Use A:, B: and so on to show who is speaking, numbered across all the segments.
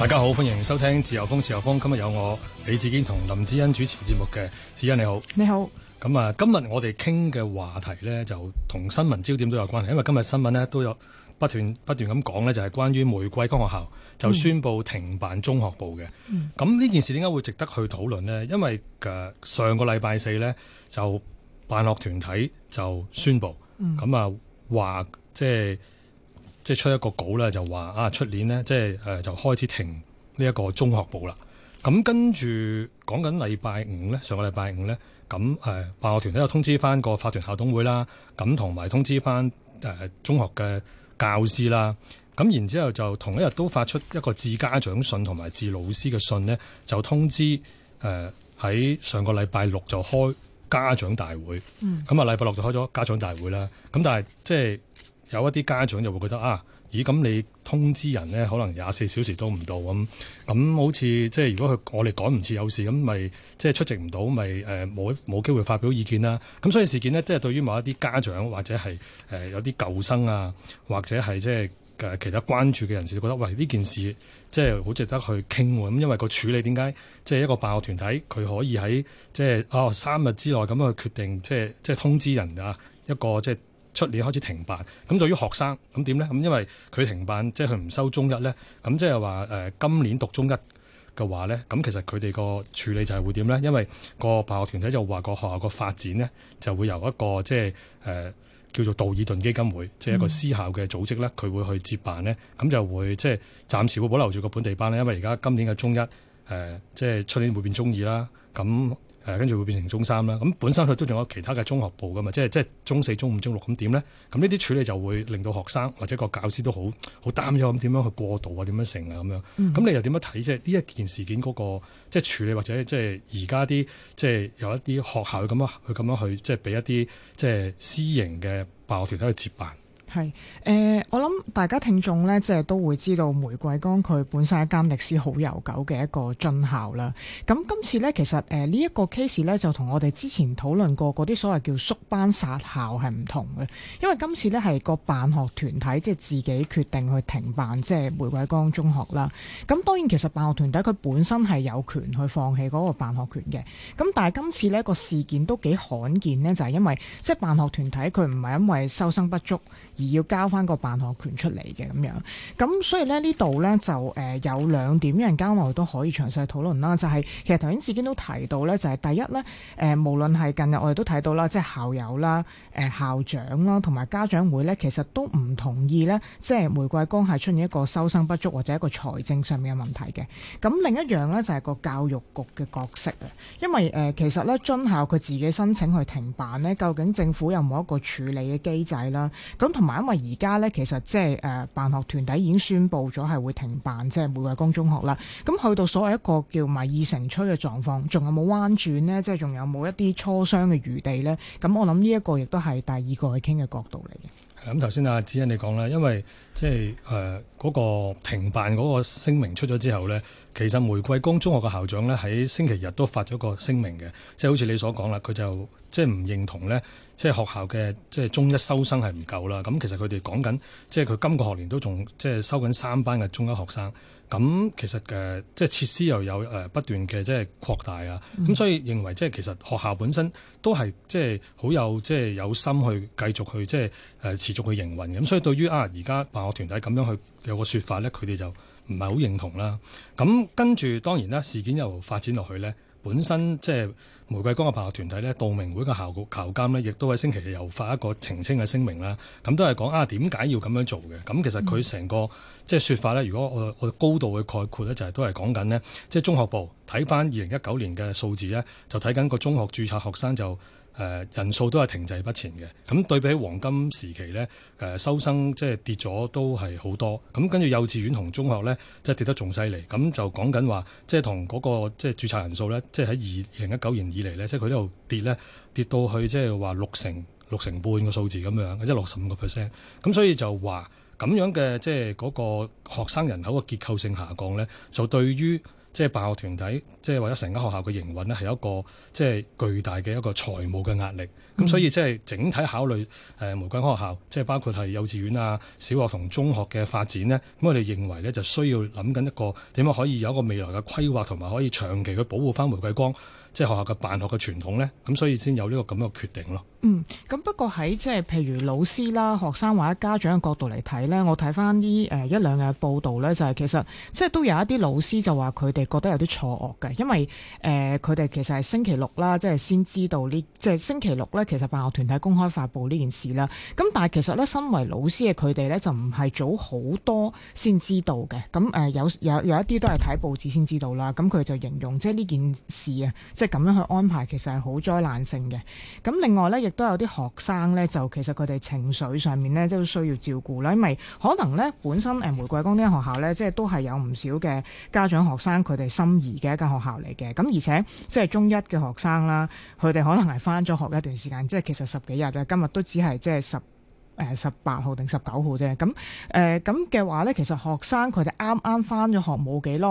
A: 大家好，歡迎收聽自由風。自由風今日有我李志堅同林子欣主持節目嘅。子欣你好，你好。咁啊好，今日我哋傾嘅話題呢，就同新聞焦點都有關係。因為今日新聞呢，都有不斷不斷咁講呢，就係、是、關於玫瑰崗學校就宣佈停辦中學部嘅。咁呢、嗯、件事點解會值得去討論呢？因為誒，上個禮拜四呢，就辦學團體就宣佈，咁啊話即係。即係出一個稿咧，就話啊，出年咧，即係誒，就開始停呢一個中學部啦。咁跟住講緊禮拜五咧，上個禮拜五咧，咁誒，辦學團都有通知返個法團校董會啦，咁同埋通知返誒中學嘅教師啦。咁然之後就同一日都發出一個致家長信同埋致老師嘅信咧，就通知誒喺上個禮拜六就開家長大會。嗯，咁啊，禮拜六就開咗家長大會啦。咁但係即係。有一啲家長就會覺得啊，咦？咁你通知人咧，可能廿四小時都唔到咁，咁好似即係如果佢我哋趕唔切有事，咁咪即係出席唔到，咪誒冇冇機會發表意見啦？咁所以事件呢，即係對於某一啲家長或者係誒、呃、有啲舊生啊，或者係即係其他關注嘅人士，覺得喂呢件事即係好值得去傾喎。咁因為個處理點解即係一個辦學團體，佢可以喺即係哦三日之內咁去決定，即係即通知人啊一個即出年開始停辦，咁對於學生咁點呢？咁因為佢停辦，即係佢唔收中一呢。咁即係話誒今年讀中一嘅話呢，咁其實佢哋個處理就係會點呢？因為個辦學團體就話個學校個發展呢，就會由一個即係誒叫做道爾頓基金會，即係一個私校嘅組織呢，佢會去接辦呢。咁、嗯、就會即係暫時會保留住個本地班呢，因為而家今年嘅中一誒即係出年會變中二啦，咁。誒跟住會變成中三啦，咁本身佢都仲有其他嘅中學部噶嘛，即係即係中四、中五、中六咁點咧？咁呢啲處理就會令到學生或者個教師都好好擔憂，咁點樣去過渡啊？點樣成啊？咁樣，咁、嗯、你又點樣睇即係呢一件事件嗰個即係處理或者即係而家啲即係有一啲學校咁樣去咁樣去即係俾一啲即係私營嘅辦學團體去接辦？
B: 係誒、呃，我諗大家聽眾咧，即係都會知道玫瑰崗佢本身係一間歷史好悠久嘅一個津校啦。咁、嗯、今次咧，其實誒呢一個 case 咧，就同我哋之前討論過嗰啲所謂叫縮班殺校係唔同嘅，因為今次咧係個辦學團體即係自己決定去停辦，即係玫瑰崗中學啦。咁、嗯、當然其實辦學團體佢本身係有權去放棄嗰個辦學權嘅。咁但係今次呢個事件都幾罕見呢，就係、是、因為即係辦學團體佢唔係因為收生不足。而要交翻個辦學權出嚟嘅咁樣，咁所以咧呢度咧就誒、呃、有兩點，點，一陣間我哋都可以詳細討論啦。就係、是、其實頭先自己都提到咧，就係、是、第一咧誒、呃、無論係近日我哋都睇到啦，即、就、係、是、校友啦、誒、呃、校長啦同埋家長會咧，其實都唔同意咧，即、就、係、是、玫瑰崗係出現一個收生不足或者一個財政上面嘅問題嘅。咁另一樣咧就係、是、個教育局嘅角色啊，因為誒、呃、其實咧津校佢自己申請去停辦咧，究竟政府有冇一個處理嘅機制啦？咁同埋。因為而家咧，其實即係誒辦學團體已經宣布咗係會停辦，即係玫瑰崗中學啦。咁去到所謂一個叫米已成炊嘅狀況，仲有冇彎轉呢？即係仲有冇一啲磋商嘅餘地呢？咁我諗呢一個亦都係第二個去傾嘅角度嚟
A: 嘅。咁頭先阿芷欣你講啦，因為即係誒嗰個停辦嗰個聲明出咗之後呢，其實玫瑰崗中學嘅校長呢，喺星期日都發咗個聲明嘅，即係好似你所講啦，佢就即係唔認同呢。即係學校嘅即係中一收生係唔夠啦，咁其實佢哋講緊，即係佢今個學年都仲即係收緊三班嘅中一學生，咁其實誒即係設施又有誒不斷嘅即係擴大啊，咁、嗯、所以認為即係其實學校本身都係即係好有即係有心去繼續去即係誒持續去營運，咁所以對於啊而家辦學團體咁樣去有個説法咧，佢哋就唔係好認同啦。咁跟住當然啦，事件又發展落去咧。本身即係玫瑰崗嘅辦學團體咧，道明會嘅校局校監咧，亦都喺星期日又發一個澄清嘅聲明啦。咁都係講啊，點解要咁樣做嘅？咁其實，佢成個即係說法咧，如果我我高度去概括咧，就係都係講緊咧，即係中學部睇翻二零一九年嘅數字咧，就睇緊個中學註冊學生就。誒、呃、人數都係停滯不前嘅，咁對比黃金時期呢，誒、呃、收生即係跌咗都係好多，咁跟住幼稚園同中學呢，即係跌得仲犀利，咁就講緊話，即係同嗰、那個即係註冊人數呢，即係喺二零一九年以嚟呢，即係佢呢度跌呢，跌到去即係話六成六成半個數字咁樣，即六十五個 percent，咁所以就話咁樣嘅即係嗰個學生人口嘅結構性下降呢，就對於，即係辦學團體，即係或者成間學校嘅營運呢係一個即係巨大嘅一個財務嘅壓力。咁、嗯、所以即係整體考慮，誒、呃、玫瑰崗學校，即係包括係幼稚園啊、小學同中學嘅發展呢，咁我哋認為呢就需要諗緊一個點樣可以有一個未來嘅規劃，同埋可以長期去保護返玫瑰崗即係學校嘅辦學嘅傳統呢，咁所以先有呢個咁嘅決定咯。
B: 嗯，咁不過喺即係譬如老師啦、學生或者家長嘅角度嚟睇呢，我睇翻呢一兩日報道呢，就係、是、其實即係都有一啲老師就話佢哋覺得有啲錯愕嘅，因為佢哋、呃、其實係星期六啦，即係先知道呢，即係星期六呢，其實辦學團體公開發布呢件事啦。咁但係其實呢，身為老師嘅佢哋呢，就唔係早好多先知道嘅。咁有有有一啲都係睇報紙先知道啦。咁佢就形容即係呢件事啊，即係咁樣去安排，其實係好災難性嘅。咁另外呢。都有啲學生呢，就其實佢哋情緒上面呢都需要照顧啦，因為可能呢，本身誒玫瑰崗呢間學校呢，即係都係有唔少嘅家長學生佢哋心儀嘅一間學校嚟嘅。咁而且即係中一嘅學生啦，佢哋可能係翻咗學一段時間，即係其實十幾日啊，今日都只係即係十。誒十八號定十九號啫，咁誒咁嘅話呢，其實學生佢哋啱啱返咗學冇幾耐，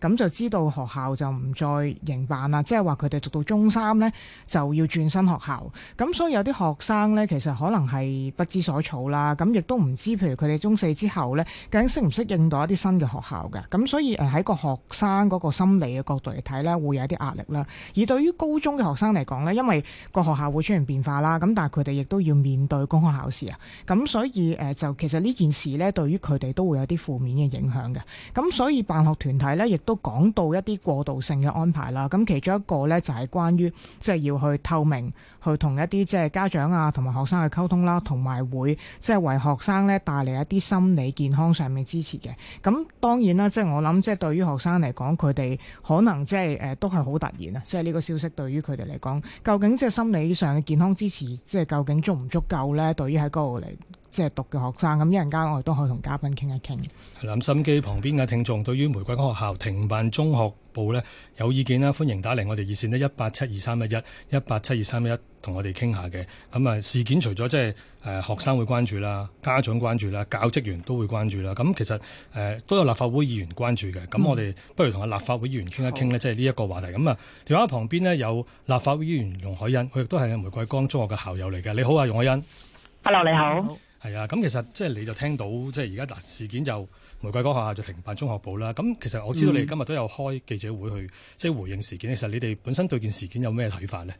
B: 咁就知道學校就唔再營辦啦，即係話佢哋讀到中三呢，就要轉新學校，咁所以有啲學生呢，其實可能係不知所措啦，咁亦都唔知譬如佢哋中四之後呢，究竟適唔適應到一啲新嘅學校嘅，咁所以喺個學生嗰個心理嘅角度嚟睇呢，會有啲壓力啦。而對於高中嘅學生嚟講呢，因為個學校會出現變化啦，咁但係佢哋亦都要面對公開考試啊。咁所以、呃、就其實呢件事呢，對於佢哋都會有啲負面嘅影響嘅。咁所以辦學團體呢，亦都講到一啲過渡性嘅安排啦。咁其中一個呢，就係、是、關於即係、就是、要去透明去同一啲即係家長啊同埋學生去溝通啦，同埋會即係、就是、為學生呢帶嚟一啲心理健康上面支持嘅。咁當然啦，即、就、係、是、我諗即係對於學生嚟講，佢哋可能即、就、係、是呃、都係好突然啊！即係呢個消息對於佢哋嚟講，究竟即係心理上嘅健康支持即係、就是、究竟足唔足夠呢？對於喺嗰、那個。即係讀嘅學生咁，一陣間我哋都可以同嘉賓傾一傾。
A: 係啦，心機旁邊嘅聽眾，對於玫瑰崗學校停辦中學部呢，有意見啦，歡迎打嚟，我哋熱綫呢一八七二三一一一八七二三一一，同我哋傾下嘅。咁啊，事件除咗即係誒學生會關注啦，家長關注啦，教職員都會關注啦。咁其實誒都有立法會議員關注嘅。咁、嗯、我哋不如同阿立法會議員傾一傾呢，好即係呢一個話題。咁啊，電話旁邊呢，有立法會議員容海恩，佢亦都係玫瑰崗中學嘅校友嚟嘅。你好啊，容海恩。hello，你好。係好啊，咁其實即係你就聽到即係而家嗱，事件就玫瑰崗學校就停辦中學部啦。咁其實我知道你哋今日都有開記者會去、嗯、即係回應事件。其實你哋本身對件事件有咩睇法咧？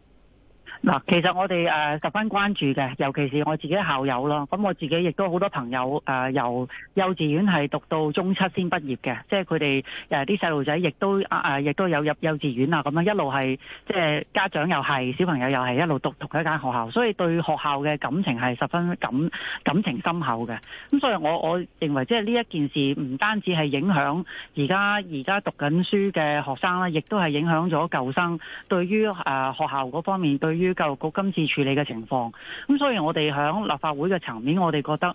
C: 嗱，其實我哋誒十分關注嘅，尤其是我自己校友咯。咁我自己亦都好多朋友誒、呃、由幼稚園係讀到中七先畢業嘅，即係佢哋誒啲細路仔亦都誒、亦、呃、都有入幼稚園啊，咁樣一路係即係家長又係小朋友又係一路讀同一間學校，所以對學校嘅感情係十分感感情深厚嘅。咁所以我，我我認為即係呢一件事唔單止係影響而家而家讀緊書嘅學生啦，亦都係影響咗舊生對於誒、呃、學校嗰方面對於。教育局今次處理嘅情況，咁所以我哋響立法會嘅層面，我哋覺得誒，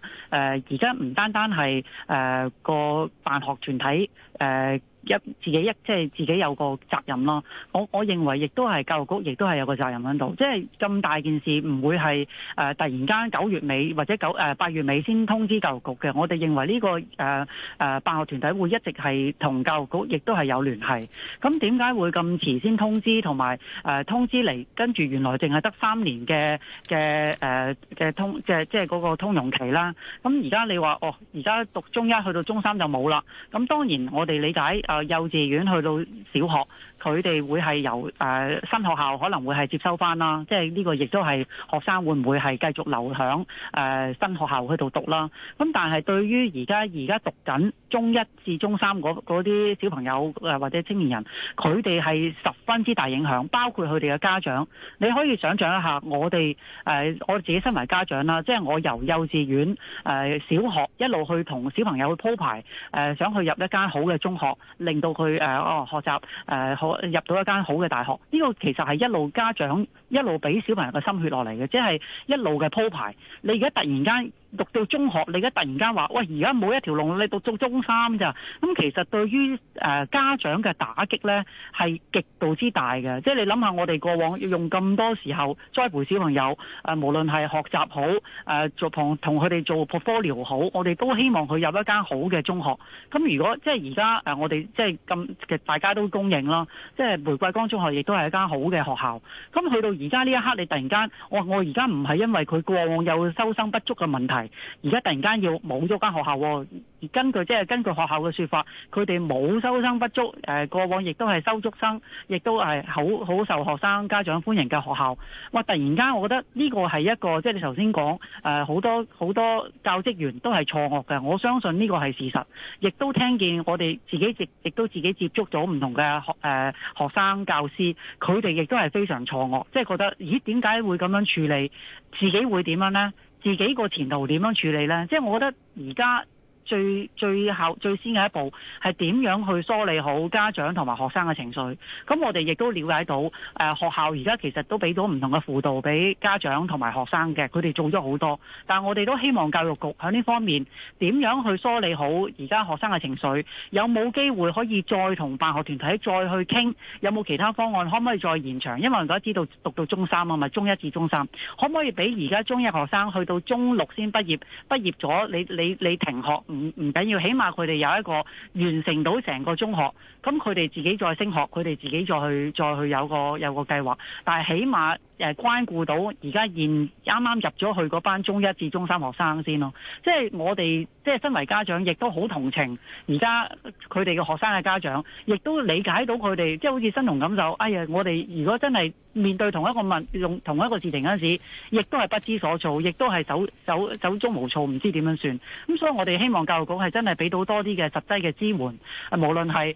C: 而家唔單單係誒、呃、個辦學團體誒。呃一自己一即係自己有個責任咯，我我認為亦都係教育局，亦都係有個責任喺度。即係咁大件事，唔會係誒突然間九月尾或者九誒八月尾先通知教育局嘅。我哋認為呢個誒誒辦學團體會一直係同教育局亦都係有聯繫。咁點解會咁遲先通知，同埋誒通知嚟跟住，原來淨係得三年嘅嘅誒嘅通即係即係嗰個通融期啦。咁而家你話哦，而家讀中一去到中三就冇啦。咁當然我哋理解。幼稚園去到小學。佢哋會係由誒，新學校可能會係接收翻啦，即係呢個亦都係學生會唔會係繼續留響誒新學校去度讀啦？咁但係對於而家而家讀緊中一至中三嗰嗰啲小朋友誒或者青年人，佢哋係十分之大影響，包括佢哋嘅家長，你可以想象一下我，我哋誒我自己身為家長啦，即係我由幼稚園誒小學一路去同小朋友去鋪排誒想去入一間好嘅中學，令到佢誒哦學習誒好。入到一間好嘅大學，呢個其實係一路家長。一路俾小朋友嘅心血落嚟嘅，即係一路嘅鋪排。你而家突然間讀到中學，你而家突然間話：「喂，而家冇一條龍你讀到中三咋？」咁其實對於誒家長嘅打擊呢，係極度之大嘅。即係你諗下，我哋過往要用咁多時候栽培小朋友，誒無論係學習好，誒做同同佢哋做 portfolio 好，我哋都希望佢入一間好嘅中學。咁如果即係而家我哋即係咁大家都公認啦，即係玫瑰崗中學亦都係一間好嘅學校。咁去到而家呢一刻，你突然間，我我而家唔係因為佢過往有收生不足嘅問題，而家突然間要冇咗間學校，哦。根據即係根據學校嘅說法，佢哋冇收生不足，誒過往亦都係收足生，亦都係好好受學生家長歡迎嘅學校。哇！突然間，我覺得呢個係一個即係你頭先講誒好多好多教職員都係錯愕嘅，我相信呢個係事實。亦都聽見我哋自己亦亦都自己接觸咗唔同嘅學誒學生教師，佢哋亦都係非常錯愕，即係覺得咦點解會咁樣處理？自己會點樣呢？自己個前途點樣處理呢？即係我覺得而家。最最後最先嘅一步係點樣去梳理好家長同埋學生嘅情緒，咁我哋亦都了解到，誒學校而家其實都俾到唔同嘅輔導俾家長同埋學生嘅，佢哋做咗好多。但係我哋都希望教育局喺呢方面點樣去梳理好而家學生嘅情緒，有冇機會可以再同辦學團體再去傾，有冇其他方案？可唔可以再延長？因為大家都知道讀到中三啊，嘛，中一至中三，可唔可以俾而家中一學生去到中六先畢業畢業咗，你你你停學？唔唔緊要，起碼佢哋有一個完成到成個中學，咁佢哋自己再升學，佢哋自己再去再去有個有個計劃。但係起碼誒關顧到而家現啱啱入咗去嗰班中一至中三學生先咯。即係我哋即係身為家長，亦都好同情而家佢哋嘅學生嘅家長，亦都理解到佢哋，即係好似身同感受。哎呀，我哋如果真係。面對同一個問用同一個事情嗰陣時候，亦都係不知所措，亦都係手手手足無措，唔知點樣算。咁所以我哋希望教育局係真係俾到多啲嘅實際嘅支援，無論係誒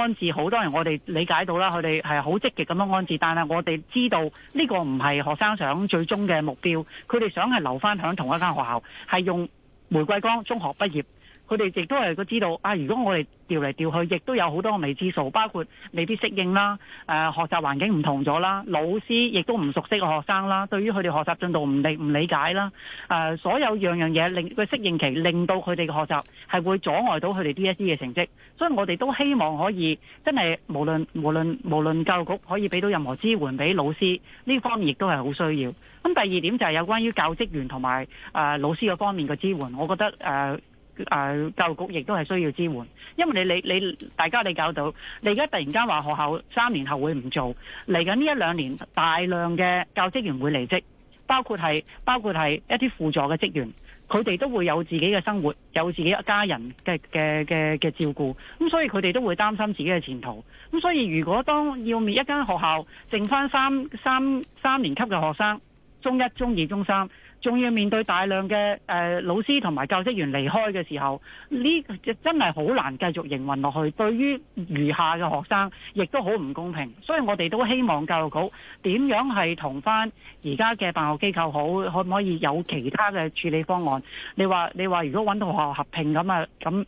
C: 安置好多人，我哋理解到啦，佢哋係好積極咁樣安置。但係我哋知道呢個唔係學生想最終嘅目標，佢哋想係留翻響同一間學校，係用玫瑰崗中學畢業。佢哋亦都係個知道啊！如果我哋調嚟調去，亦都有好多未知數，包括未必適應啦，誒、啊、學習環境唔同咗啦，老師亦都唔熟悉個學生啦，對於佢哋學習進度唔理唔理解啦，誒、啊、所有樣樣嘢令個適應期令到佢哋嘅學習係會阻礙到佢哋 DSE 嘅成績。所以我哋都希望可以真係無論無論無論教育局可以俾到任何支援俾老師呢方面，亦都係好需要。咁第二點就係有關於教職員同埋誒老師嗰方面嘅支援，我覺得誒。啊誒教育局亦都係需要支援，因為你你你大家你搞到，你而家突然間話學校三年後會唔做，嚟緊呢一兩年大量嘅教職員會離職，包括係包括係一啲輔助嘅職員，佢哋都會有自己嘅生活，有自己一家人嘅嘅嘅嘅照顧，咁所以佢哋都會擔心自己嘅前途。咁所以如果當要滅一間學校，剩翻三三三年級嘅學生，中一中二中三。仲要面對大量嘅老師同埋教職員離開嘅時候，呢、這個、真係好難繼續營運落去。對於餘下嘅學生，亦都好唔公平。所以我哋都希望教育局點樣係同翻而家嘅辦學機構好，可唔可以有其他嘅處理方案？你話你話，如果揾到學校合併咁啊咁。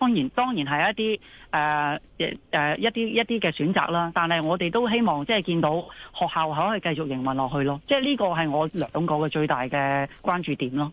C: 當然當然係一啲誒誒一啲一啲嘅選擇啦，但係我哋都希望即係見到學校可以繼續營運落去咯，即係呢個係我兩個嘅最大嘅關注點咯。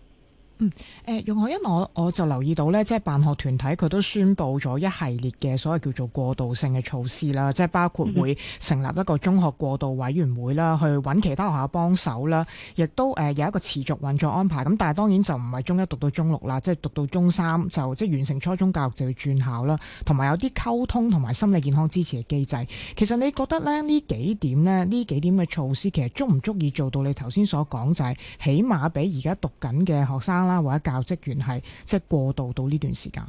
B: 嗯，誒容海恩，我我就留意到咧，即係辦學團體佢都宣布咗一系列嘅所謂叫做過渡性嘅措施啦，即係包括會成立一個中學過渡委員會啦，去揾其他學校幫手啦，亦都誒有一個持續運作安排。咁但係當然就唔係中一讀到中六啦，即係讀到中三就即係完成初中教育就要轉校啦，同埋有啲溝通同埋心理健康支持嘅機制。其實你覺得咧呢幾點咧呢幾點嘅措施其實足唔足以做到你頭先所講，就係起碼俾而家讀緊嘅學生啦，或者教職員係即係過渡到呢段時間，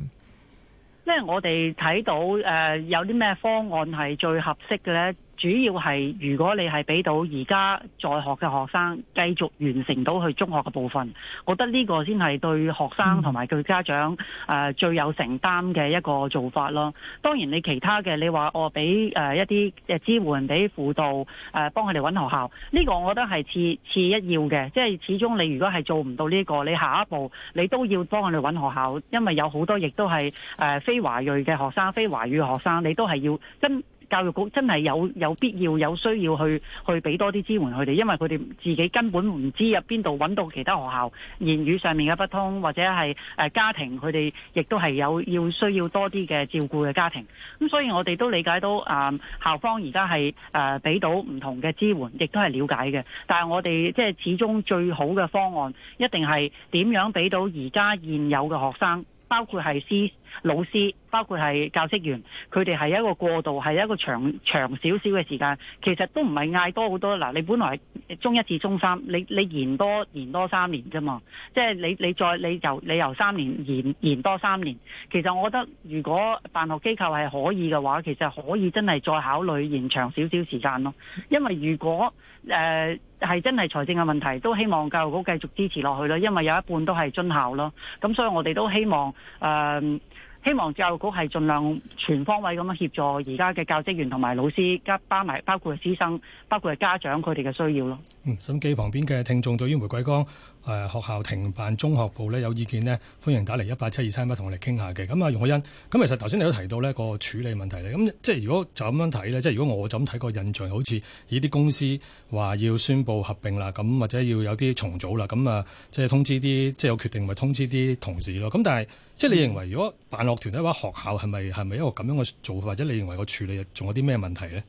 C: 間，咧我哋睇到誒有啲咩方案係最合適嘅咧？主要係如果你係俾到而家在，在學嘅學生繼續完成到去中學嘅部分，我覺得呢個先係對學生同埋佢家長、呃、最有承擔嘅一個做法咯。當然你其他嘅你話我俾、呃、一啲誒支援俾輔導幫佢哋揾學校，呢、這個我覺得係次次一要嘅，即係始終你如果係做唔到呢、這個，你下一步你都要幫佢哋揾學校，因為有好多亦都係、呃、非華裔嘅學生、非華語學生，你都係要真教育局真係有有必要有需要去去俾多啲支援佢哋，因為佢哋自己根本唔知入邊度揾到其他學校，言語上面嘅不通，或者係誒家庭佢哋亦都係有要需要多啲嘅照顧嘅家庭。咁所以我哋都理解到啊、嗯，校方而家係誒俾到唔同嘅支援，亦都係了解嘅。但係我哋即係始終最好嘅方案，一定係點樣俾到而家現有嘅學生，包括係師。老師包括係教職員，佢哋係一個過渡，係一個長長少少嘅時間。其實都唔係嗌多好多嗱，你本來係中一至中三，你你延多延多三年啫嘛。即係你你再你就你由三年延延多三年。其實我覺得，如果辦學機構係可以嘅話，其實可以真係再考慮延長少少時間咯。因為如果誒係真係財政嘅問題，都希望教育局繼續支持落去咯。因為有一半都係津校咯，咁所以我哋都希望誒。呃希望教育局係盡量全方位咁樣協助而家嘅教職員同埋老師，加包埋包括係師生，包括係家長佢哋嘅需要咯。嗯，
A: 手機旁邊嘅聽眾對於玫瑰崗。誒、呃、學校停辦中學部咧有意見呢，歡迎打嚟一八七二三一，同我哋傾下嘅。咁啊，容海恩，咁、嗯、其實頭先你都提到呢、個處理問題咧，咁即係如果就咁樣睇咧，即係如果我就咁睇個印象，好似呢啲公司話要宣布合併啦，咁或者要有啲重組啦，咁啊，即係通知啲即係有決定咪通知啲同事咯。咁但係即係你認為如果辦學團體嘅話，學校係咪係咪一個咁樣嘅做法，或者你認為個處理仲有啲咩問題咧？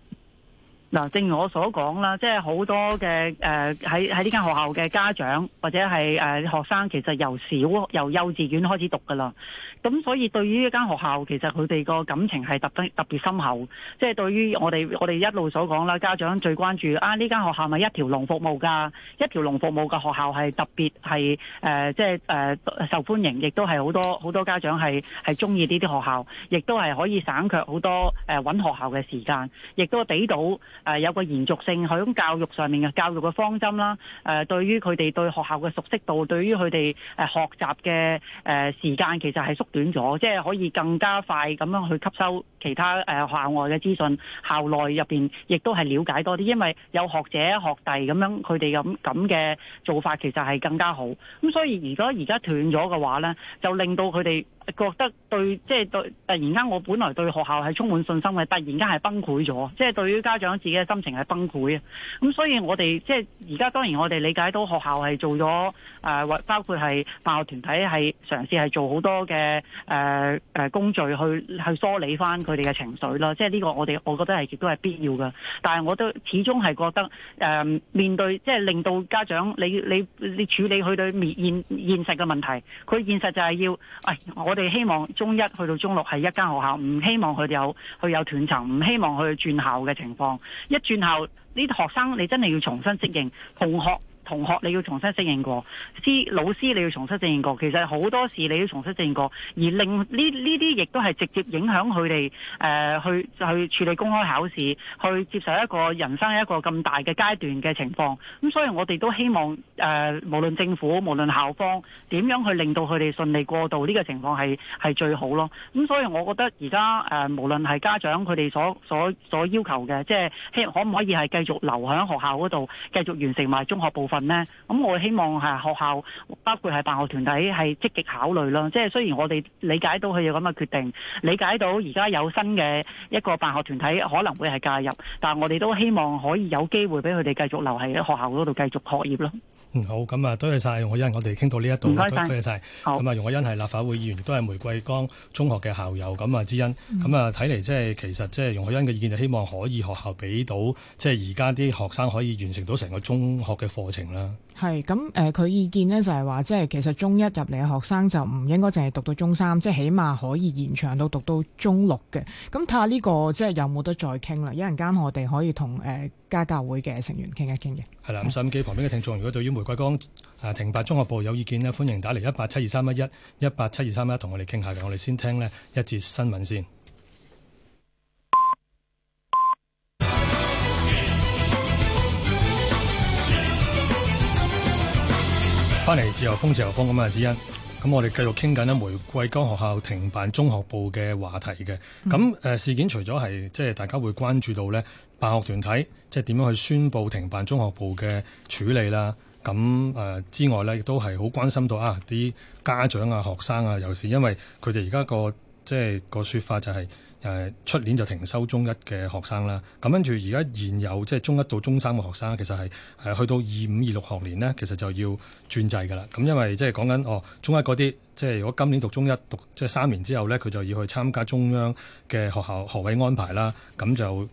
C: 嗱，正如我所講啦，即係好多嘅誒喺喺呢間學校嘅家長或者係、呃、學生，其實由小由幼稚園開始讀噶啦。咁所以對於呢間學校，其實佢哋個感情係特別特別深厚。即係對於我哋我哋一路所講啦，家長最關注啊呢間學校咪一條龍服務㗎，一條龍服務嘅學校係特別係即係受歡迎，亦都係好多好多家長係係中意呢啲學校，亦都係可以省卻好多誒、呃、搵學校嘅時間，亦都俾到。誒有個延續性喺教育上面嘅教育嘅方針啦，誒對於佢哋對學校嘅熟悉度，對於佢哋學習嘅時間，其實係縮短咗，即係可以更加快咁樣去吸收其他校外嘅資訊，校內入面亦都係了解多啲，因為有學者、學弟咁樣佢哋咁咁嘅做法，其實係更加好。咁所以如果而家斷咗嘅話咧，就令到佢哋。覺得對，即係對，突然間我本來對學校係充滿信心嘅，突然間係崩潰咗，即係對於家長自己嘅心情係崩潰啊！咁所以我哋即係而家，當然我哋理解到學校係做咗誒，或包括係辦學團體係嘗試係做好多嘅誒誒工序去去梳理返佢哋嘅情緒咯。即係呢個我哋，我覺得係亦都係必要㗎。但係我都始終係覺得誒，面對即係令到家長你你你處理佢對現現實嘅問題，佢現實就係要，哎，我。我哋希望中一去到中六係一間學校，唔希望佢哋有佢有斷層，唔希望佢轉校嘅情況。一轉校呢啲學生，你真係要重新適應同學。同學，你要重新適應過；師老師，你要重新適應過。其實好多事你要重新適應過，而令呢呢啲亦都係直接影響佢哋誒去去處理公開考試，去接受一個人生一個咁大嘅階段嘅情況。咁所以我哋都希望誒，無論政府，無論校方，點樣去令到佢哋順利過渡呢個情況係係最好咯。咁所以我覺得而家誒，無論係家長佢哋所所所要求嘅，即係希望可唔可以係繼續留喺學校嗰度繼續完成埋中學部分。咧，咁我希望係學校，包括係辦學團體，係積極考慮咯。即係雖然我哋理解到佢有咁嘅決定，理解到而家有新嘅一個辦學團體可能會係介入，但係我哋都希望可以有機會俾佢哋繼續留喺學校嗰度繼續學業咯。
A: 嗯，好，咁、嗯、啊、嗯，多謝晒容海恩，我哋傾到呢一度，啦謝多謝晒。咁啊謝，容海恩係立法會議員，都係玫瑰崗中學嘅校友，咁啊、嗯、之、嗯、恩，咁啊、就是，睇嚟即係其實即係容海恩嘅意見就希望可以學校俾到，即係而家啲學生可以完成到成個中學嘅課程啦。
B: 係咁誒，佢、呃、意見呢就係、是、話，即係其實中一入嚟嘅學生就唔應該淨係讀到中三，即係起碼可以延長到讀到中六嘅。咁睇下呢個即係有冇得再傾啦。一陣間我哋可以同誒家教會嘅成員傾一傾嘅。
A: 係啦的，咁手機旁邊嘅聽眾，如果對於玫瑰崗、呃、停辦中學部有意見呢，歡迎打嚟一八七二三一一一八七二三一同我哋傾下嘅。我哋先聽呢一節新聞先。翻嚟自由風自由風咁啊，子欣。咁我哋繼續傾緊咧玫瑰崗學校停辦中學部嘅話題嘅。咁、嗯呃、事件除咗係即係大家會關注到呢辦學團體即係點樣去宣布停辦中學部嘅處理啦。咁、呃、之外呢，亦都係好關心到啊啲家長啊、學生啊，尤其是因為佢哋而家個即係個說法就係、是。誒出年就停收中一嘅學生啦，咁跟住而家現有即係中一到中三嘅學生，其實係去到二五二六學年呢，其實就要轉制㗎啦。咁因為即係講緊哦，中一嗰啲即係如果今年讀中一讀即係三年之後呢，佢就要去參加中央嘅學校學位安排啦。咁就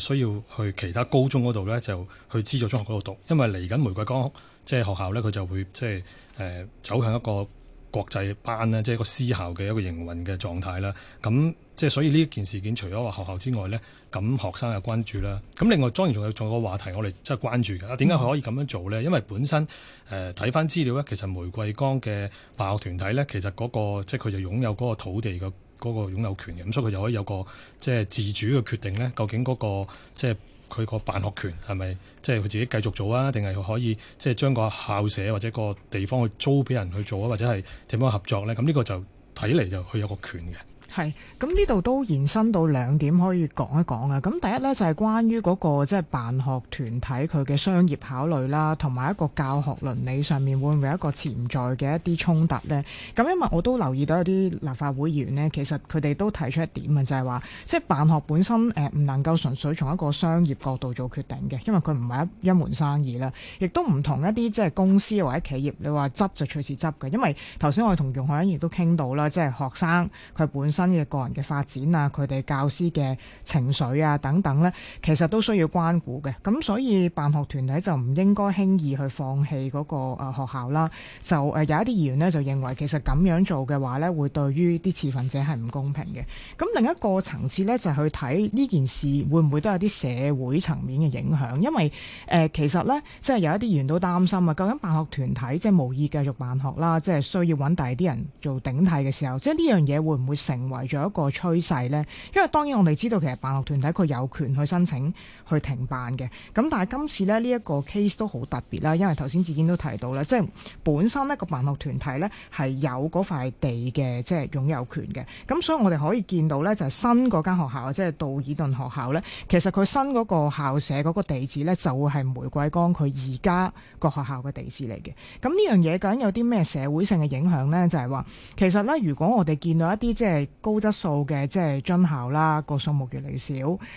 A: 需要去其他高中嗰度呢，就去資助中學嗰度讀，因為嚟緊玫瑰崗學，即係學校呢，佢就會即係、呃、走向一個。國際班呢，即係一個私校嘅一個營運嘅狀態啦。咁即係所以呢件事件，除咗話學校之外咧，咁學生嘅關注啦。咁另外當然仲有仲有個話題，我哋真係關注嘅。點解佢可以咁樣做呢？因為本身誒睇翻資料呢，其實玫瑰崗嘅辦學團體呢，其實嗰個即係佢就擁有嗰個土地嘅嗰個擁有權嘅，咁所以佢就可以有個即係自主嘅決定呢，究竟嗰個即係。佢個辦學權係咪即係佢自己繼續做啊？定係佢可以即係將個校舍或者個地方去租俾人去做啊？或者係點樣合作呢？咁呢個就睇嚟就佢有個
B: 權嘅。係，咁呢度都延伸到兩點可以講一講啊！咁第一呢，就係、是、關於嗰、那個即係、就是、辦學團體佢嘅商業考慮啦，同埋一個教學倫理上面會唔會有一個潛在嘅一啲衝突呢？咁因為我都留意到有啲立法會議員呢，其實佢哋都提出一點啊，就係話即係辦學本身唔、呃、能夠純粹從一個商業角度做決定嘅，因為佢唔係一門生意啦，亦都唔同一啲即係公司或者企業，你話執就隨時執嘅。因為頭先我哋同容海恩亦都傾到啦，即係學生佢本身嘅個人嘅發展啊，佢哋教師嘅情緒啊等等呢，其實都需要關顧嘅。咁所以辦學團體就唔應該輕易去放棄嗰、那個誒、呃、學校啦。就誒、呃、有一啲議員呢，就認為，其實咁樣做嘅話呢，會對於啲持份者係唔公平嘅。咁另一個層次呢，就係、是、去睇呢件事會唔會都有啲社會層面嘅影響，因為誒、呃、其實呢，即係有一啲議員都擔心啊，究竟辦學團體即係無意繼續辦學啦，即係需要搵第二啲人做頂替嘅時候，即係呢樣嘢會唔會成為為咗一個趨勢呢，因為當然我哋知道其實辦學團體佢有權去申請去停辦嘅。咁但係今次呢，呢一個 case 都好特別啦，因為頭先志堅都提到啦，即係本身呢個辦學團體呢係有嗰塊地嘅，即係擁有權嘅。咁所以我哋可以見到呢，就係新嗰間學校，即係道爾頓學校呢，其實佢新嗰個校舍嗰個地址呢，就會係玫瑰崗佢而家個學校嘅地址嚟嘅。咁呢樣嘢究竟有啲咩社會性嘅影響呢？就係話其實呢，如果我哋見到一啲即係高質素嘅即係津校啦，個數目越嚟越少，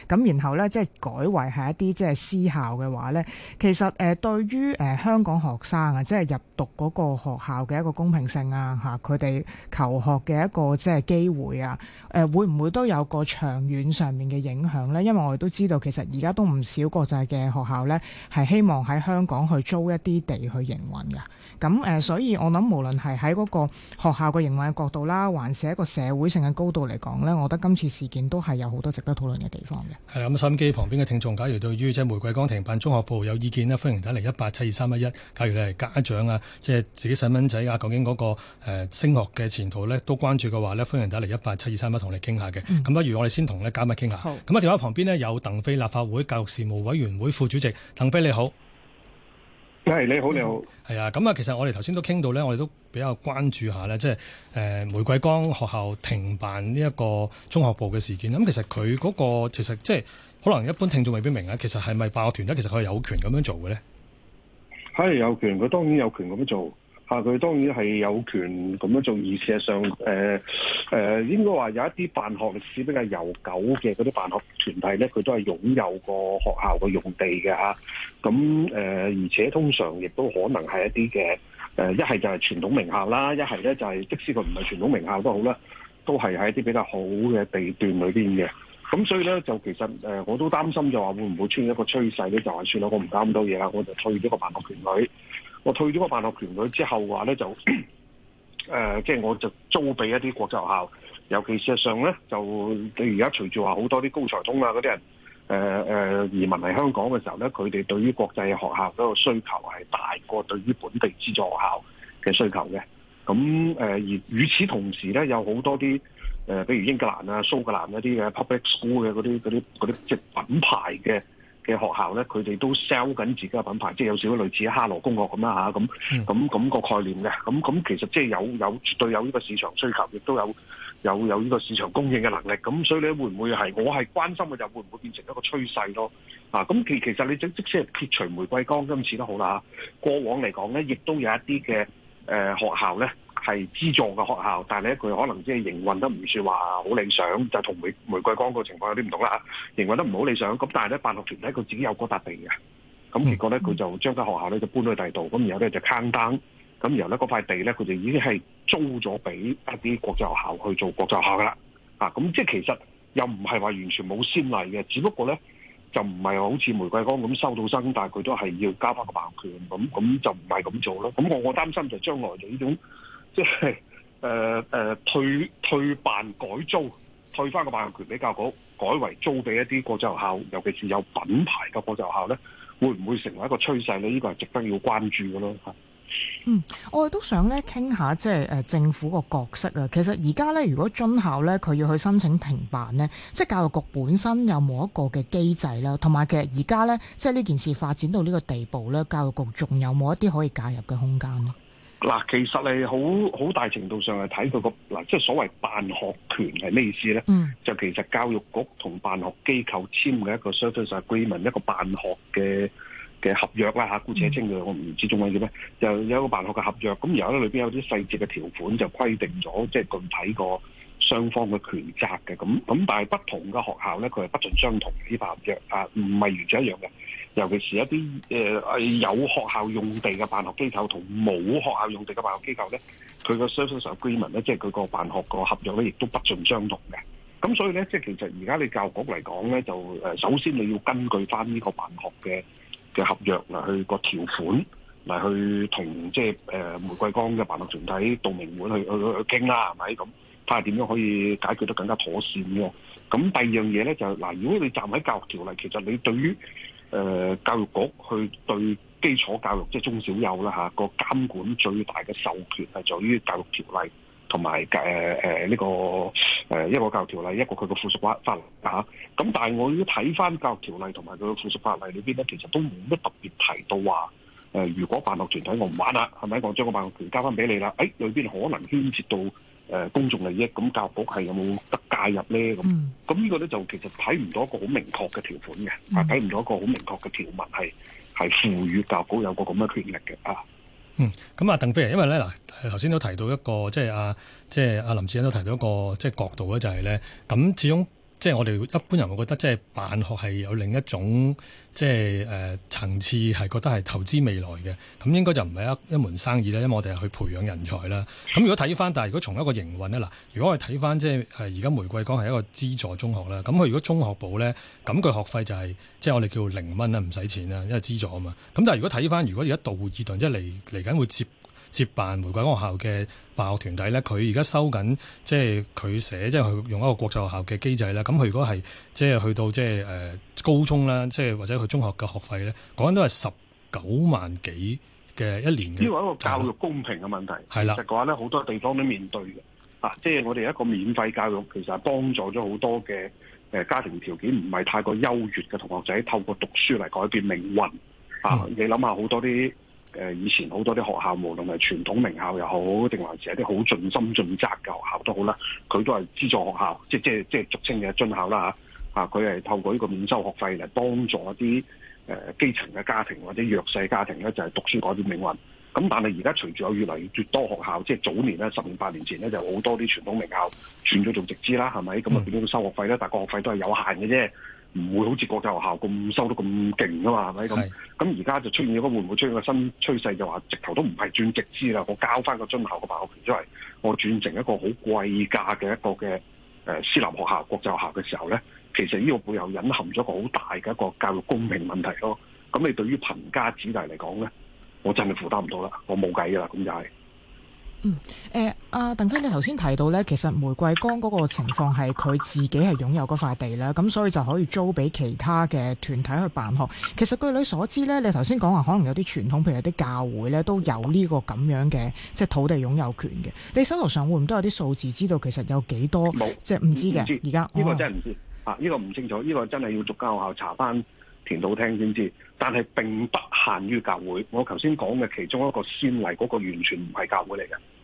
B: 咁然後呢，即係改為係一啲即係私校嘅話呢，其實誒對於誒香港學生啊，即係入讀嗰個學校嘅一個公平性啊，嚇佢哋求學嘅一個即係機會啊，誒會唔會都有個長遠上面嘅影響呢？因為我哋都知道，其實而家都唔少國際嘅學校呢，係希望喺香港去租一啲地去營運噶。咁誒，所以我諗無論係喺嗰個學校嘅營運嘅角度啦，還是一個社會性嘅高度嚟講呢，我覺得今次事件都係有好多值得討論嘅地方嘅。
A: 係啦，咁收音機旁邊嘅聽眾，假如對於即係玫瑰崗停辦中學部有意見呢，歡迎打嚟一八七二三一一。假如你係家長啊，即係自己細蚊仔啊，究竟嗰、嗰個、呃、升學嘅前途呢都關注嘅話呢，歡迎打嚟一八七二三一，同你傾下嘅。咁不如我哋先同呢簡咪傾下。咁啊好，電話旁邊呢，有鄧飛，立法會教育事務委員會副主席，鄧飛你好。係你好，你好。係啊、嗯，咁啊，其實我哋頭先都傾到咧，我哋都比較關注下咧，即係誒、呃，玫瑰崗學校停辦呢一個中學部嘅事件。咁、嗯、其實佢嗰個，其實即係可能一般聽眾未必明啊。其實係咪爆團咧？其實佢係有權咁樣做嘅
D: 咧。係有權，佢當然有權咁樣做。啊！佢當然係有權咁樣做，而事實上，誒、呃、誒、呃、應該話有一啲辦學歷史比較悠久嘅嗰啲辦學團體咧，佢都係擁有個學校嘅用地嘅嚇。咁、啊、誒、呃，而且通常亦都可能係一啲嘅誒，一、啊、係就係傳統名校啦，一係咧就係、是、即使佢唔係傳統名校都好啦，都係喺一啲比較好嘅地段裏邊嘅。咁所以咧，就其實誒、呃，我都擔心就話會唔會出現一個趨勢咧，就係算啦，我唔搞咁多嘢啦，我就退咗個辦學權去。我退咗個辦學團隊之後嘅話咧，就誒，即、呃、係、就是、我就租俾一啲國際學校，尤其事實上咧就，你而家隨住話好多啲高才通啊嗰啲人，誒、呃、誒、呃、移民嚟香港嘅時候咧，佢哋對於國際學校嗰個需求係大過對於本地資助學校嘅需求嘅。咁誒，而、呃、與此同時咧，有好多啲誒、呃，比如英格蘭啊、蘇格蘭嗰啲嘅 public school 嘅嗰啲嗰啲嗰啲即係品牌嘅。嘅學校咧，佢哋都 sell 緊自己嘅品牌，即係有少少類似哈羅公學咁啦嚇，咁咁咁個概念嘅，咁咁其實即係有有絕對有呢個市場需求，亦都有有有呢個市場供應嘅能力，咁所以咧會唔會係我係關心嘅，就會唔會變成一個趨勢咯？啊，咁其其實你即即使係撇除玫瑰崗，今次都好啦嚇，過往嚟講咧，亦都有一啲嘅誒學校咧。係資助嘅學校，但係咧佢可能即係營運得唔算話好理想，就同、是、玫玫瑰崗個情況有啲唔同啦。營運得唔好理想，咁但係咧辦學團體咧佢自己有嗰笪地嘅，咁結果咧佢就將間學校咧就搬去第度，咁然後咧就慳單，咁然後咧嗰塊地咧佢就已經係租咗俾一啲國際學校去做國際學校噶啦，啊，咁即係其實又唔係話完全冇先例嘅，只不過咧就唔係好似玫瑰崗咁收到生，但係佢都係要交翻個辦學權，咁咁就唔係咁做咯。咁我我擔心就將來就呢種。即係誒誒退退辦改租，退翻，個辦學權俾教育局，改為租俾一啲國際學校，尤其是有品牌嘅國際學校咧，會唔會成為一個趨勢咧？呢、呢個係值得要關注嘅咯。嗯，
B: 我哋都想咧傾下，即係誒政府個角色啊。其實而家咧，如果津校咧佢要去申請停辦咧，即係教育局本身有冇一個嘅機制咧？同埋其實而家咧，即係呢件事發展到呢個地步咧，教育局仲有冇一啲可以介入嘅空間咧？
D: 嗱，其實你好好大程度上係睇佢個嗱，即係所謂辦學權係咩意思咧？Mm. 就其實教育局同辦學機構簽嘅一個 service agreement 一個辦學嘅嘅合約啦嚇，姑且稱佢我唔知中文叫咩，就有一個辦學嘅合約。咁然後咧，裏邊有啲細節嘅條款就規定咗即係具體個雙方嘅權責嘅。咁咁，但係不同嘅學校咧，佢係不盡相同呢個合約啊，唔係完全一樣嘅。尤其是一啲誒係有學校用地嘅辦學機構同冇學校用地嘅辦學機構咧，佢個 service agreement 咧，即係佢個辦學個合約咧，亦都不盡相同嘅。咁所以咧，即係其實而家你教育局嚟講咧，就誒首先你要根據翻呢個辦學嘅嘅合約嚟去個條款，嚟去同即係誒玫瑰崗嘅辦學團體道明會去去去傾啦，係咪咁睇下點樣可以解決得更加妥善嘅？咁第二樣嘢咧就，嗱，如果你站喺教育條例，其實你對於誒教育局去對基礎教育，即係中小幼啦嚇，個監管最大嘅授權係在於教育條例同埋誒誒呢個誒一個教育條例，一個佢個附屬法法例嚇。咁但係我要睇翻教育條例同埋佢個附屬法例裏邊咧，其實都冇乜特別提到話誒，如果辦學團體我唔玩啦，係咪我將個辦學權交翻俾你啦？誒，裏邊可能牽涉到。誒公眾利益，咁教育局係有冇得介入咧？咁咁呢個咧就其實睇唔到一個好明確嘅條款嘅，啊睇唔到一個好明確嘅條文係係賦予教育局有個咁嘅權力嘅啊。
A: 嗯，咁啊，鄧飛，因為咧嗱，頭先都提到一個，即係啊，即係、啊、阿林志欣都提到一個即係角度咧，就係、是、咧，咁始終。即係我哋一般人，會覺得即係辦學係有另一種即係誒層次，係覺得係投資未來嘅。咁應該就唔係一一門生意啦，因為我哋係去培養人才啦。咁如果睇翻，但係如果從一個營運咧，嗱，如果我哋睇翻即係而家玫瑰崗係一個資助中學啦，咁佢如果中學部咧，咁佢學費就係、是、即係我哋叫做零蚊啦，唔使錢啦，因為資助啊嘛。咁但係如果睇翻，如果而家道爾頓即係嚟嚟緊會接。接辦玫瑰崗學校嘅辦學團體咧，佢而家收緊，即係佢寫，即係佢用一個國際學校嘅機制咧。咁佢如果係即係去到即係誒高中啦，即係或者佢中學嘅學費咧，講緊都係十九萬幾嘅一年嘅。呢個一個教育公平嘅問題係啦，是的其
D: 實講咧好多地方都面對嘅啊，即係的我哋一個免費教育其實幫助咗好多嘅誒家庭條件唔係太過優越嘅同學仔透過讀書嚟改變命運、嗯、啊！你諗下好多啲。以前好多啲學校，無論係傳統名校又好，定還是係一啲好盡心盡責嘅學校都好啦，佢都係資助學校，即即即俗稱嘅津校啦，佢係透過呢個免收學費嚟幫助一啲、呃、基層嘅家庭或者弱勢家庭咧，就係讀書改變命運。咁但係而家隨住有越嚟越多學校，即係早年咧十年八年前咧，就好多啲傳統名校轉咗做直資啦，係咪？咁啊變咗收學費咧，但係學費都係有限嘅啫。唔會好似國際學校咁收得咁勁㗎嘛，係咪咁？咁而家就出現咗會唔會出現個新趨勢，就話直頭都唔係轉直資啦，我交翻個津校個辦學權出嚟，即係我轉成一個好貴價嘅一個嘅誒私立學校、國際學校嘅時候咧，其實呢個背後隱含咗一個好大嘅一個教育公平問題咯。咁你對於貧家子弟嚟講咧，我真係負擔唔到啦，我冇計啦，咁就係、是。
B: 嗯，誒、呃，阿鄧飛，你頭先提到咧，其實玫瑰崗嗰個情況係佢自己係擁有嗰塊地咧，咁所以就可以租俾其他嘅團體去辦學。其實據你所知咧，你頭先講話可能有啲傳統，譬如有啲教會咧都有呢個咁樣嘅即係土地擁有權嘅。你手頭上會唔都有啲數字，知道其實有幾多？冇沒，即係唔知嘅。而家呢個真係唔
D: 知，哦、啊，呢、這個唔清楚，呢、這個真係要逐間學校查翻田土廳先知。但係並不限於教會，我頭先講嘅其中一個先例，嗰、那個完全唔係教會嚟嘅。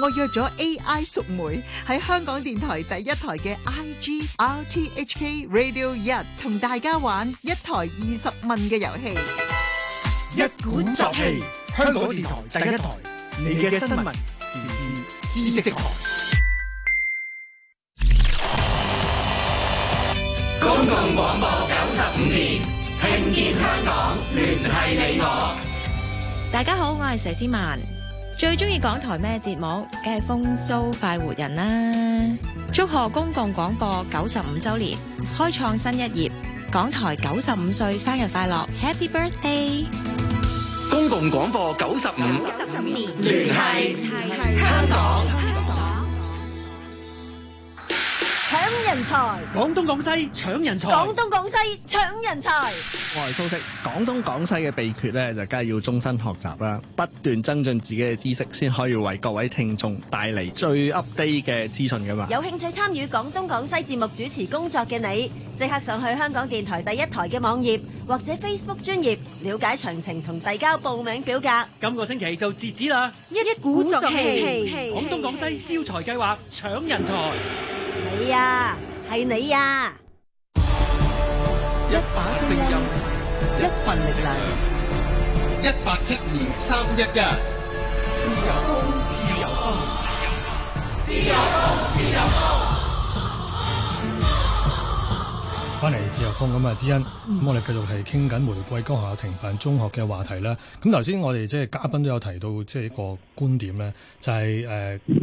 B: 我約咗 AI 淑梅喺香港電台第
C: 一台嘅 IG RTHK Radio One 同大家玩一台二十問嘅遊戲，
D: 一鼓作氣，香港電台第一台，你嘅新聞時事知識台，
B: 公共廣播九十五年，聽見香港，聯繫你我。大家好，我係佘詩曼。最中意港台咩節目？梗係《風騷快活人》啦！祝賀公共廣播九十五周年，開創新一頁。港台九十五歲生日快樂，Happy Birthday！
C: 公共廣播九十五年，聯繫香港。
D: 搶人才，廣東廣西搶人才，廣東廣西搶人才。我係蘇軾，廣東廣西嘅秘訣咧，就梗係要終身學習啦，不斷增進自己嘅知識，先可以為各位聽眾帶嚟最 update 嘅資訊㗎嘛。有
A: 興趣參與廣東廣西節目主持工作嘅你，即刻上去香港電台第一台嘅網頁或者 Facebook 專頁了解詳情同遞交報名表格。
C: 今個星期就截止啦，
A: 一一鼓作氣，廣東
C: 廣西招才計劃搶人才。
D: 你
B: 啊，係你啊！一把聲音，一份力量，一八七二三一一，自由風，自由風，自由風，自由風，自由風。
A: 翻嚟自由風咁啊，志 恩，咁我哋繼續係傾緊玫瑰崗學校停辦中學嘅話題啦。咁頭先我哋即係嘉賓都有提到，即係一個觀點咧，就係、是、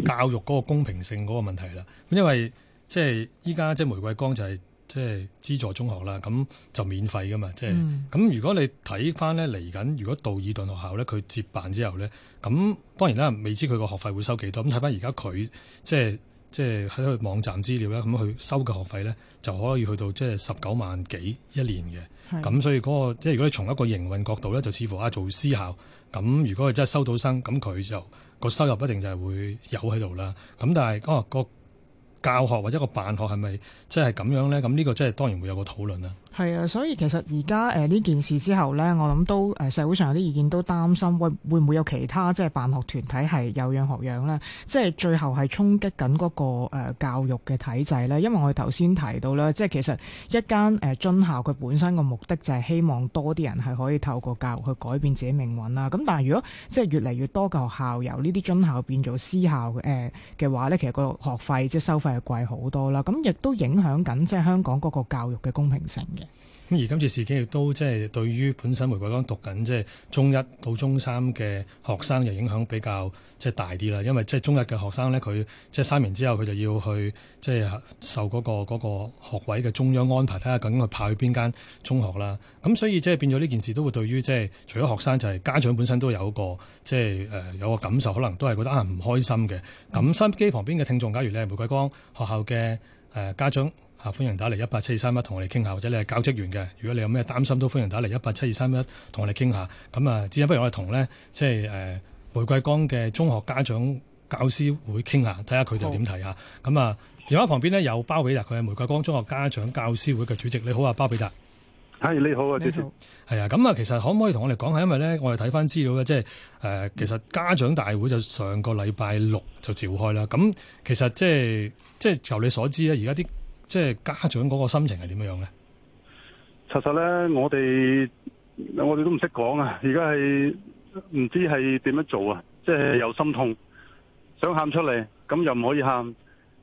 A: 誒教育嗰個公平性嗰個問題啦，咁因為。即係依家即係玫瑰崗就係即係資助中學啦，咁就免費噶嘛。即係咁如果你睇翻咧嚟緊，如果道爾頓學校咧佢接辦之後咧，咁當然啦，未知佢個學費會收幾多。咁睇翻而家佢即係即係喺佢網站資料咧，咁佢收嘅學費咧就可以去到即係十九萬幾一年嘅。咁的所以嗰個即係如果你從一個營運角度咧，就似乎啊做私校咁，如果佢真係收到生咁，佢就個收入一定就係會有喺度啦。咁但係哦個。教學或者個辦學係咪即係咁樣咧？咁呢個即係當然會有個討論啦。
B: 係啊，所以其實而家誒呢件事之後呢，我諗都社會上有啲意見都擔心，喂會唔會有其他即係辦學團體係有樣學樣呢？即係最後係衝擊緊嗰個、呃、教育嘅體制呢。因為我哋頭先提到啦，即係其實一間誒、呃、津校佢本身個目的就係希望多啲人係可以透過教育去改變自己命運啦。咁但係如果即係越嚟越多嘅學校由呢啲津校變做私校嘅、呃、話呢，其實個學費即係收費係貴好多啦。咁亦都影響緊即係香港嗰個教育嘅公平性嘅。
A: 咁而今次事件亦都即係對於本身玫瑰崗讀緊即係中一到中三嘅學生，就影響比較即係大啲啦。因為即係中一嘅學生咧，佢即係三年之後，佢就要去即係受嗰個嗰個學位嘅中央安排，睇下究竟佢派去邊間中學啦。咁所以即係變咗呢件事都會對於即係除咗學生，就係家長本身都有個即係誒有個感受，可能都係覺得啊唔開心嘅。咁收音機旁邊嘅聽眾，假如你係玫瑰崗學校嘅誒家長。啊！歡迎打嚟一八七二三一，同我哋傾下。或者你係教職員嘅，如果你有咩擔心，都歡迎打嚟一八七二三一，同我哋傾下。咁啊，之後不如我哋同咧，即係誒玫瑰崗嘅中學家長教師會傾下，睇下佢哋點睇啊。咁啊好，電話旁邊呢，有包比達，佢係玫瑰崗中學家長教師會嘅主席。你好啊，包比達。
E: 係、哎、你好啊，主
A: 席好。係啊，咁啊，其實可唔可以同我哋講下？因為咧，我哋睇翻資料咧，即係誒、呃，其實家長大會就上個禮拜六就召開啦。咁其實即係即係由你所知咧，而家啲。即係家長嗰個心情係點樣呢？
E: 其實呢，我哋我哋都唔識講啊！而家係唔知係點樣做啊！即係又心痛，想喊出嚟，咁又唔可以喊。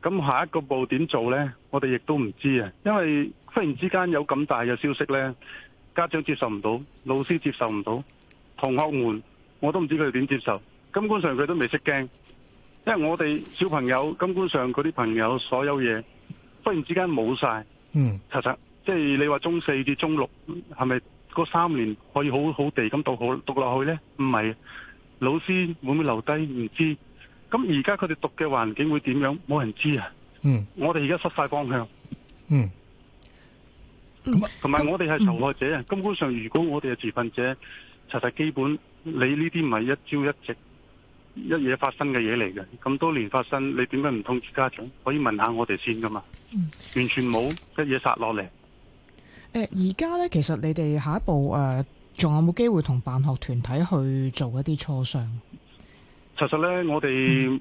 E: 咁下一個步點做呢？我哋亦都唔知啊！因為忽然之間有咁大嘅消息呢，家長接受唔到，老師接受唔到，同學們我都唔知佢哋點接受。根本上佢都未識驚，因為我哋小朋友根本上佢啲朋友所有嘢。忽然之間冇晒，嗯、查實即係你話中四至中六係咪嗰三年可以好好地咁讀好讀落去呢？唔係，老師會唔會留低唔知？咁而家佢哋讀嘅環境會點樣？冇人知啊！嗯、我哋而家失晒方向，嗯，同埋我哋係受害者啊！嗯、根本上如果我哋係自困者，查實基本你呢啲唔係一朝一夕一夜發生嘅嘢嚟嘅，咁多年發生，你點解唔通知家長？可以問下我哋先㗎嘛？嗯、完全冇一嘢殺落嚟。
B: 誒，而家咧，其實你哋下一步誒，仲、呃、有冇機會同辦學團體去做一啲磋商？
E: 其實咧，我哋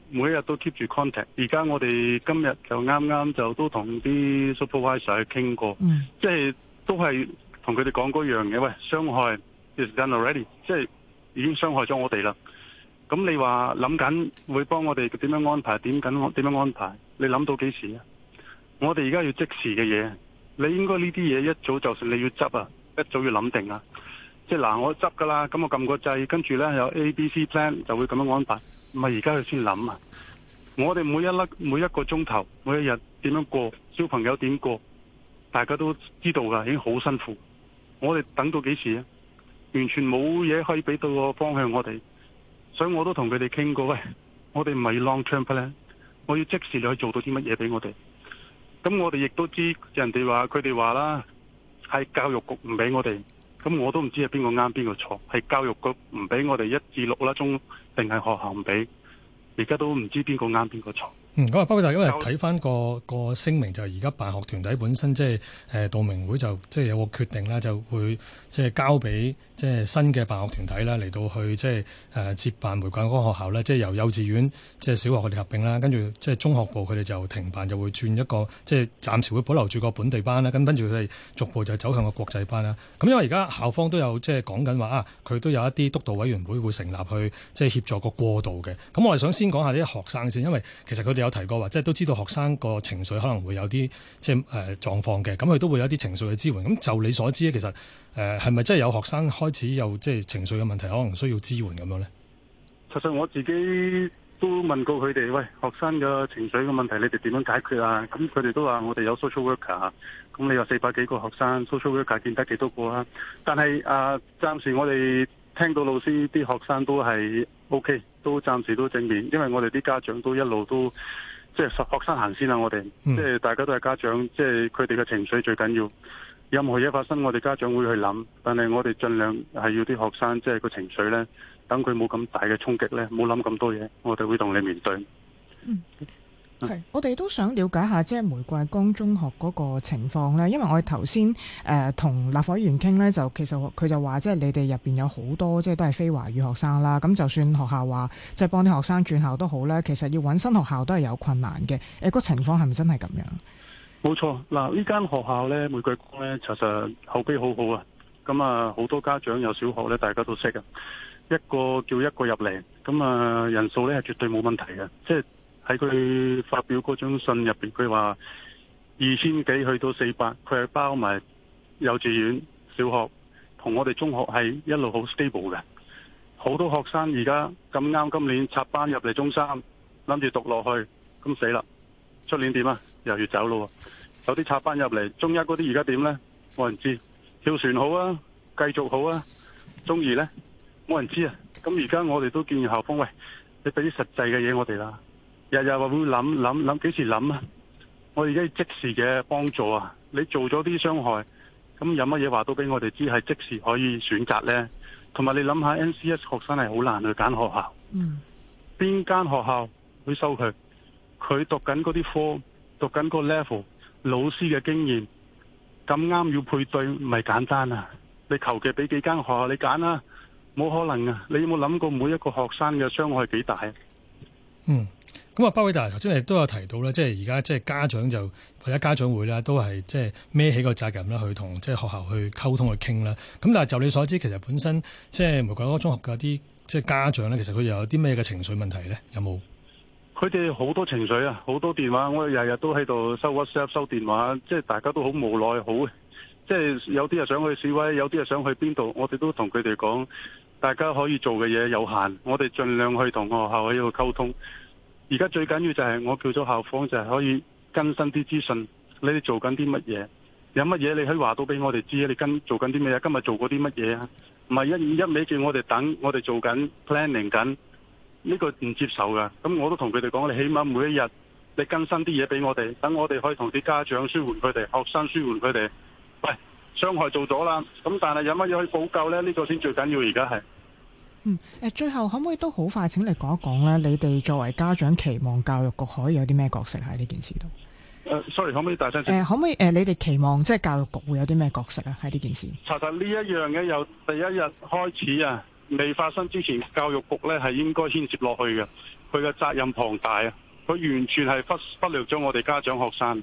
E: 每一日都 keep 住 contact，嗯。而家我哋今日就啱啱就都同啲 supervisor 去傾過，嗯、即係都係同佢哋講嗰樣嘢。喂，傷害，is done already，即係已經傷害咗我哋啦。咁你話諗緊會幫我哋點樣安排？點緊點樣安排？你諗到幾時啊？我哋而家要即時嘅嘢，你應該呢啲嘢一早就算你要執啊，一早要諗定呀。即嗱、啊，我執噶啦，咁我撳個掣，跟住呢有 A、B、C plan 就會咁樣安排。唔係而家佢先諗啊。我哋每一粒每一個鐘頭，每一日點樣過，小朋友點過，大家都知道噶，已經好辛苦。我哋等到幾時啊？完全冇嘢可以俾到個方向我哋，所以我都同佢哋傾過。喂，我哋唔係 long term plan，我要即時你去做到啲乜嘢俾我哋。咁我哋亦都知人哋話佢哋話啦，係教育局唔俾我哋，咁我都唔知係邊個啱邊個錯，係教育局唔俾我哋一至六啦中，定係學校唔俾，而家都唔知邊個啱邊個錯。
A: 嗯，咁啊，包括就今日睇翻個個聲明，就而、是、家辦學團體本身即係、就是呃、道明會就即係、就是、有個決定啦，就會即係、就是、交俾即係新嘅辦學團體啦，嚟到去即係、就是呃、接辦玫瑰崗學校呢即係由幼稚園即係、就是、小學佢哋合併啦，跟住即係中學部佢哋就停辦，就會轉一個即係、就是、暫時會保留住個本地班啦，跟跟住佢哋逐步就走向個國際班啦。咁因為而家校方都有即係講緊話啊，佢都有一啲督導委員會會成立去即係、就是、協助個過渡嘅。咁我哋想先講下啲學生先，因為其實佢哋。有提過話，即係都知道學生個情緒可能會有啲即係誒、呃、狀況嘅，咁佢都會有啲情緒嘅支援。咁就你所知咧，其實誒係咪真係有學生開始有即係情緒嘅問題，可能需要支援咁樣咧？
E: 其實我自己都問過佢哋，喂，學生嘅情緒嘅問題，你哋點樣解決啊？咁佢哋都話我哋有 social worker 咁你話四百幾個學生，social worker 見得幾多個啊？但係啊、呃，暫時我哋。聽到老師啲學生都係 OK，都暫時都正面，因為我哋啲家長都一路都即係學生行先啦，我哋即係大家都係家長，即係佢哋嘅情緒最緊要。任何嘢發生，我哋家長會去諗，但係我哋儘量係要啲學生即係個情緒呢，等佢冇咁大嘅衝擊呢，冇諗咁多嘢，我哋會同你面對。
B: 係、嗯，我哋都想了解下即係玫瑰崗中學嗰個情況咧，因為我哋頭先誒同立法議員傾咧，就其實佢就話即係你哋入邊有好多即係都係非華語學生啦，咁就算學校話即係幫啲學生轉校都好啦，其實要搵新學校都係有困難嘅。誒、欸，個情況係咪真係咁樣？
E: 冇錯，嗱，呢間學校咧，玫瑰崗咧，其實口碑好好啊。咁啊，好多家長有小學咧，大家都識啊，一個叫一個入嚟，咁啊，人數咧係絕對冇問題嘅，即係。喺佢發表嗰張信入面，佢話二千幾去到四百，佢係包埋幼稚園、小學同我哋中學係一路好 stable 嘅。好多學生而家咁啱今年插班入嚟中三，諗住讀落去，咁死啦！出年點啊？又要走咯！有啲插班入嚟中一嗰啲而家點呢？冇人知，跳船好啊，繼續好啊，中二呢？冇人知啊！咁而家我哋都建議校方，喂，你俾啲實際嘅嘢我哋啦。日日話會諗諗諗幾時諗啊？我而家要即時嘅幫助啊！你做咗啲傷害，咁有乜嘢話都俾我哋知，係即時可以選擇呢。同埋你諗下，N.C.S 學生係好難去揀學校，邊間、嗯、學校會收佢？佢讀緊嗰啲科，讀緊個 level，老師嘅經驗咁啱要配對，唔係簡單啊！你求其俾幾間學校你揀啦、啊，冇可能啊。你有冇諗過每一個學生嘅傷害幾大？
A: 嗯。咁啊，包比達頭先亦都有提到啦，即係而家即係家長就或者家長會啦都係即係孭起個責任啦，去同即係學校去溝通去傾啦。咁但係就你所知，其實本身即係玫瑰崗中學嘅啲即係家長咧，其實佢又有啲咩嘅情緒問題咧？有冇？
E: 佢哋好多情緒啊，好多電話，我日日都喺度收 WhatsApp、收電話，即係大家都好無奈，好即係有啲啊想去示威，有啲啊想去邊度，我哋都同佢哋講，大家可以做嘅嘢有限，我哋盡量去同學校喺度溝通。而家最緊要就係我叫咗校方就係可以更新啲資訊，你哋做緊啲乜嘢？有乜嘢你可以話到俾我哋知？你跟做緊啲乜嘢？今日做過啲乜嘢啊？唔係一一味叫我哋等，我哋做緊 planning 緊，呢個唔接受噶。咁我都同佢哋講，你起碼每一日你更新啲嘢俾我哋，等我哋可以同啲家長舒緩佢哋，學生舒緩佢哋。喂，傷害做咗啦，咁但係有乜嘢可以補救呢？呢個先最緊要，而家係。
B: 嗯，誒，最後可唔可以都好快，請你講一講咧？你哋作為家長期望教育局可以有啲咩角色喺呢件事度？
E: 誒、呃、sorry，可唔可以大聲啲、呃？可
B: 唔可以？誒、呃，你哋期望即係、就是、教育局會有啲咩角色喺呢件事？
E: 查實呢一樣嘅，由第一日開始啊，未發生之前，教育局咧係應該牽涉落去嘅。佢嘅責任龐大啊，佢完全係忽忽略咗我哋家長學生。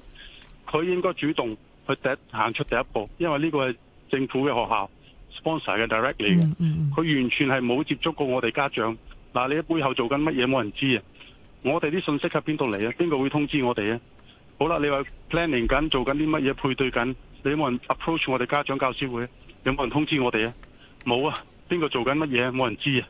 E: 佢應該主動去第一行出第一步，因為呢個係政府嘅學校。sponsor 嘅 directly 嘅，佢、嗯嗯、完全係冇接觸過我哋家長。嗱，你喺背後做緊乜嘢冇人知啊？我哋啲信息喺邊度嚟啊？邊個會通知我哋啊？好啦，你話 planning 緊做緊啲乜嘢配對緊？你有冇人 approach 我哋家長教師會？有冇人通知我哋啊？冇啊，邊個做緊乜嘢冇人知啊。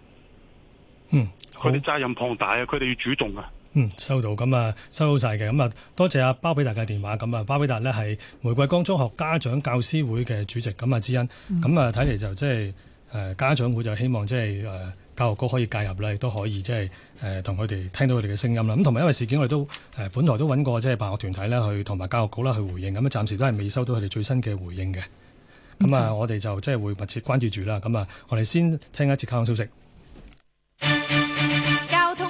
E: 嗯，佢啲責任龐大啊，佢哋要主動啊。
A: 嗯，收到，咁、嗯、啊，收到晒嘅，咁、嗯、啊，多謝阿包比達嘅電話，咁、嗯、啊，包比達呢係玫瑰崗中學家長教師會嘅主席，咁、嗯、啊，之恩、嗯，咁啊、嗯，睇嚟就即係誒，家長會就希望即係誒，教育局可以介入啦，亦都可以即係誒，同佢哋聽到佢哋嘅聲音啦，咁同埋因為事件，我哋都誒、呃，本來都揾過即係辦學團體咧，去同埋教育局啦去回應，咁啊，暫時都係未收到佢哋最新嘅回應嘅，咁、嗯、啊、嗯嗯，我哋就即係會密切關注住啦，咁、嗯、啊，我哋先聽一次交通消息。嗯